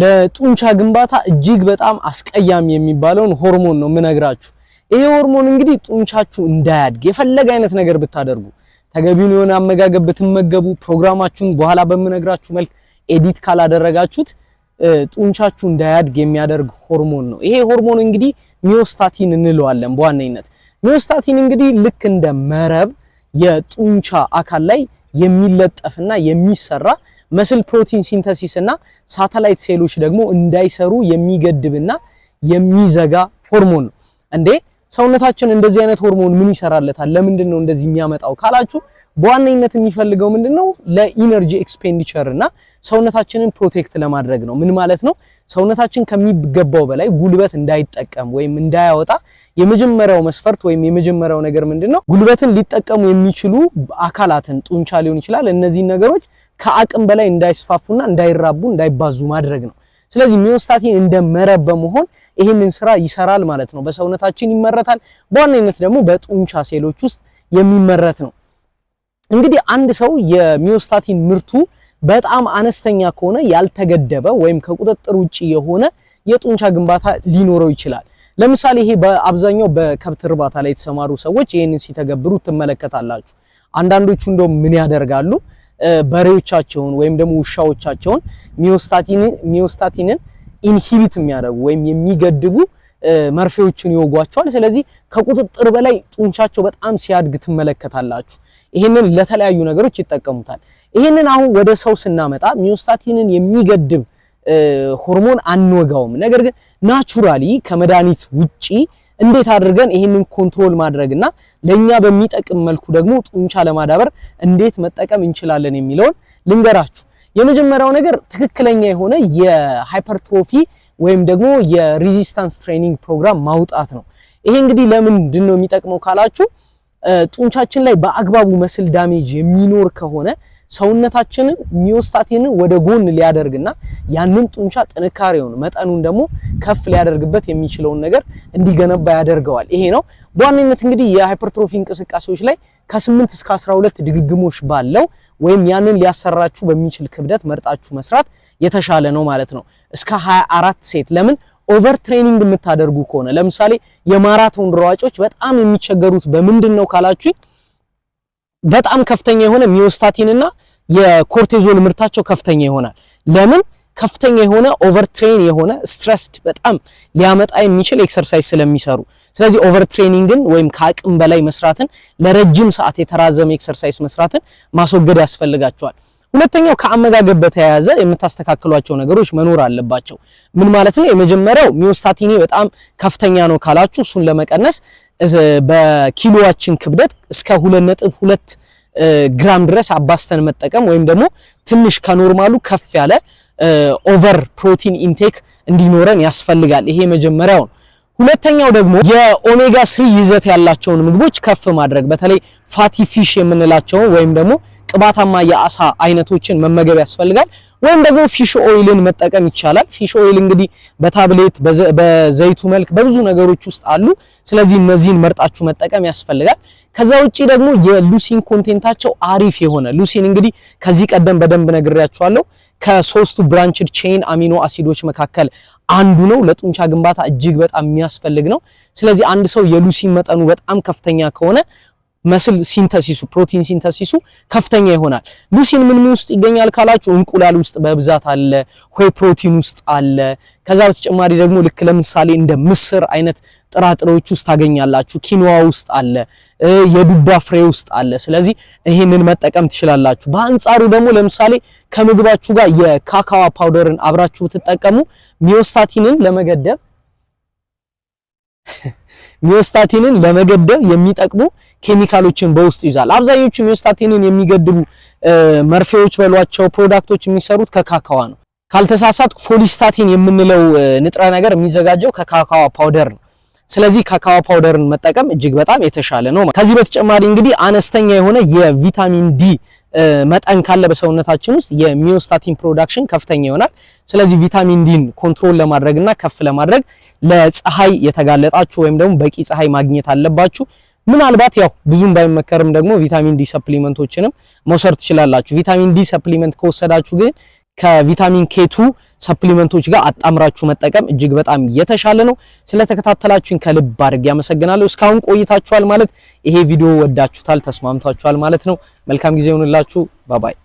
ለጡንቻ ግንባታ እጅግ በጣም አስቀያሚ የሚባለውን ሆርሞን ነው የምነግራችሁ። ይሄ ሆርሞን እንግዲህ ጡንቻችሁ እንዳያድግ የፈለገ አይነት ነገር ብታደርጉ፣ ተገቢውን የሆነ አመጋገብ ብትመገቡ፣ ፕሮግራማችሁን በኋላ በምነግራችሁ መልክ ኤዲት ካላደረጋችሁት ጡንቻችሁ እንዳያድግ የሚያደርግ ሆርሞን ነው። ይሄ ሆርሞን እንግዲህ ሚዮስታቲን እንለዋለን በዋነኝነት። ሚዮስታቲን እንግዲህ ልክ እንደ መረብ የጡንቻ አካል ላይ የሚለጠፍና የሚሰራ መስል ፕሮቲን ሲንተሲስ እና ሳተላይት ሴሎች ደግሞ እንዳይሰሩ የሚገድብና የሚዘጋ ሆርሞን ነው። እንዴ ሰውነታችን እንደዚህ አይነት ሆርሞን ምን ይሰራለታል? ለምንድን ነው እንደዚህ የሚያመጣው ካላችሁ በዋነኝነት የሚፈልገው ምንድነው? ለኢነርጂ ኤክስፔንዲቸር እና ሰውነታችንን ፕሮቴክት ለማድረግ ነው። ምን ማለት ነው? ሰውነታችን ከሚገባው በላይ ጉልበት እንዳይጠቀም ወይም እንዳያወጣ የመጀመሪያው መስፈርት ወይም የመጀመሪያው ነገር ምንድነው? ጉልበትን ሊጠቀሙ የሚችሉ አካላትን ጡንቻ ሊሆን ይችላል እነዚህን ነገሮች ከአቅም በላይ እንዳይስፋፉና እንዳይራቡ እንዳይባዙ ማድረግ ነው። ስለዚህ ሚዮስታቲን እንደ መረብ በመሆን ይህንን ስራ ይሰራል ማለት ነው። በሰውነታችን ይመረታል። በዋነኝነት ደግሞ በጡንቻ ሴሎች ውስጥ የሚመረት ነው። እንግዲህ አንድ ሰው የሚዮስታቲን ምርቱ በጣም አነስተኛ ከሆነ ያልተገደበ ወይም ከቁጥጥር ውጪ የሆነ የጡንቻ ግንባታ ሊኖረው ይችላል። ለምሳሌ ይሄ በአብዛኛው በከብት እርባታ ላይ የተሰማሩ ሰዎች ይህንን ሲተገብሩ ትመለከታላችሁ። አንዳንዶቹ እንደውም ምን ያደርጋሉ? በሬዎቻቸውን ወይም ደግሞ ውሻዎቻቸውን ሚዮስታቲንን ኢንሂቢት የሚያደርጉ ወይም የሚገድቡ መርፌዎችን ይወጓቸዋል። ስለዚህ ከቁጥጥር በላይ ጡንቻቸው በጣም ሲያድግ ትመለከታላችሁ። ይህንን ለተለያዩ ነገሮች ይጠቀሙታል። ይህንን አሁን ወደ ሰው ስናመጣ ሚዮስታቲንን የሚገድብ ሆርሞን አንወጋውም። ነገር ግን ናቹራሊ ከመድኃኒት ውጪ እንዴት አድርገን ይህንን ኮንትሮል ማድረግና ለኛ በሚጠቅም መልኩ ደግሞ ጡንቻ ለማዳበር እንዴት መጠቀም እንችላለን የሚለውን ልንገራችሁ። የመጀመሪያው ነገር ትክክለኛ የሆነ የሃይፐርትሮፊ ወይም ደግሞ የሪዚስታንስ ትሬኒንግ ፕሮግራም ማውጣት ነው። ይሄ እንግዲህ ለምንድን ነው የሚጠቅመው ካላችሁ ጡንቻችን ላይ በአግባቡ መስል ዳሜጅ የሚኖር ከሆነ ሰውነታችንን ሚዮስታቲንን ወደ ጎን ሊያደርግና ያንን ጡንቻ ጥንካሬውን መጠኑን ደግሞ ከፍ ሊያደርግበት የሚችለውን ነገር እንዲገነባ ያደርገዋል። ይሄ ነው በዋነኝነት እንግዲህ የሃይፐርትሮፊ እንቅስቃሴዎች ላይ ከ8 እስከ 12 ድግግሞች ባለው ወይም ያንን ሊያሰራችሁ በሚችል ክብደት መርጣችሁ መስራት የተሻለ ነው ማለት ነው። እስከ 24 ሴት ለምን ኦቨር ትሬኒንግ የምታደርጉ ከሆነ ለምሳሌ የማራቶን ሯጮች በጣም የሚቸገሩት በምንድን ነው ካላችሁኝ በጣም ከፍተኛ የሆነ ሚዮስታቲንና የኮርቲዞል ምርታቸው ከፍተኛ ይሆናል። ለምን? ከፍተኛ የሆነ ኦቨርትሬን የሆነ ስትረስድ በጣም ሊያመጣ የሚችል ኤክሰርሳይዝ ስለሚሰሩ፣ ስለዚህ ኦቨርትሬኒንግን ወይም ከአቅም በላይ መስራትን ለረጅም ሰዓት የተራዘመ ኤክሰርሳይዝ መስራትን ማስወገድ ያስፈልጋቸዋል። ሁለተኛው ከአመጋገብ በተያያዘ የምታስተካክሏቸው ነገሮች መኖር አለባቸው። ምን ማለት ነው? የመጀመሪያው ሚዮስታቲኒ በጣም ከፍተኛ ነው ካላችሁ እሱን ለመቀነስ በኪሎዋችን ክብደት እስከ 2.2 ግራም ድረስ አባስተን መጠቀም ወይም ደግሞ ትንሽ ከኖርማሉ ከፍ ያለ ኦቨር ፕሮቲን ኢንቴክ እንዲኖረን ያስፈልጋል። ይሄ መጀመሪያው ነው። ሁለተኛው ደግሞ የኦሜጋ ስሪ ይዘት ያላቸውን ምግቦች ከፍ ማድረግ በተለይ ፋቲ ፊሽ የምንላቸውን ወይም ደግሞ ቅባታማ የአሳ አይነቶችን መመገብ ያስፈልጋል። ወይም ደግሞ ፊሽ ኦይልን መጠቀም ይቻላል። ፊሽ ኦይል እንግዲህ በታብሌት በዘይቱ መልክ በብዙ ነገሮች ውስጥ አሉ። ስለዚህ እነዚህን መርጣችሁ መጠቀም ያስፈልጋል። ከዛ ውጪ ደግሞ የሉሲን ኮንቴንታቸው አሪፍ የሆነ ሉሲን እንግዲህ ከዚህ ቀደም በደንብ ነግሬያችኋለሁ። ከሶስቱ ብራንችድ ቼን አሚኖ አሲዶች መካከል አንዱ ነው። ለጡንቻ ግንባታ እጅግ በጣም የሚያስፈልግ ነው። ስለዚህ አንድ ሰው የሉሲን መጠኑ በጣም ከፍተኛ ከሆነ መስል ሲንተሲሱ ፕሮቲን ሲንተሲሱ ከፍተኛ ይሆናል። ሉሲን ምን ምን ውስጥ ይገኛል ካላችሁ እንቁላል ውስጥ በብዛት አለ፣ ሆይ ፕሮቲን ውስጥ አለ። ከዛ በተጨማሪ ደግሞ ልክ ለምሳሌ እንደ ምስር አይነት ጥራጥሬዎች ውስጥ ታገኛላችሁ። ኪኖዋ ውስጥ አለ፣ የዱባ ፍሬ ውስጥ አለ። ስለዚህ ይህንን መጠቀም ትችላላችሁ። በአንጻሩ ደግሞ ለምሳሌ ከምግባችሁ ጋር የካካዋ ፓውደርን አብራችሁ ብትጠቀሙ ሚዮስታቲንን ለመገደብ ሚዮስታቲንን ለመገደብ የሚጠቅሙ ኬሚካሎችን በውስጡ ይዛል። አብዛኞቹ ሚዮስታቲንን የሚገድቡ መርፌዎች በሏቸው ፕሮዳክቶች የሚሰሩት ከካካዋ ነው። ካልተሳሳትኩ ፎሊስታቲን የምንለው ንጥረ ነገር የሚዘጋጀው ከካካዋ ፓውደር ነው። ስለዚህ ካካዋ ፓውደርን መጠቀም እጅግ በጣም የተሻለ ነው። ከዚህ በተጨማሪ እንግዲህ አነስተኛ የሆነ የቪታሚን ዲ መጠን ካለ በሰውነታችን ውስጥ የሚዮስታቲን ፕሮዳክሽን ከፍተኛ ይሆናል። ስለዚህ ቪታሚን ዲን ኮንትሮል ለማድረግና ከፍ ለማድረግ ለፀሐይ የተጋለጣችሁ ወይም ደግሞ በቂ ፀሐይ ማግኘት አለባችሁ። ምናልባት ያው ብዙም ባይመከርም ደግሞ ቪታሚን ዲ ሰፕሊመንቶችንም መውሰድ ትችላላችሁ። ቪታሚን ዲ ሰፕሊመንት ከወሰዳችሁ ግን ከቪታሚን ኬቱ ሰፕሊመንቶች ጋር አጣምራችሁ መጠቀም እጅግ በጣም የተሻለ ነው። ስለተከታተላችሁኝ ከልብ አድርጌ አመሰግናለሁ። እስካሁን ቆይታችኋል ማለት ይሄ ቪዲዮ ወዳችሁታል፣ ተስማምታችኋል ማለት ነው። መልካም ጊዜ ይሁንላችሁ። ባባይ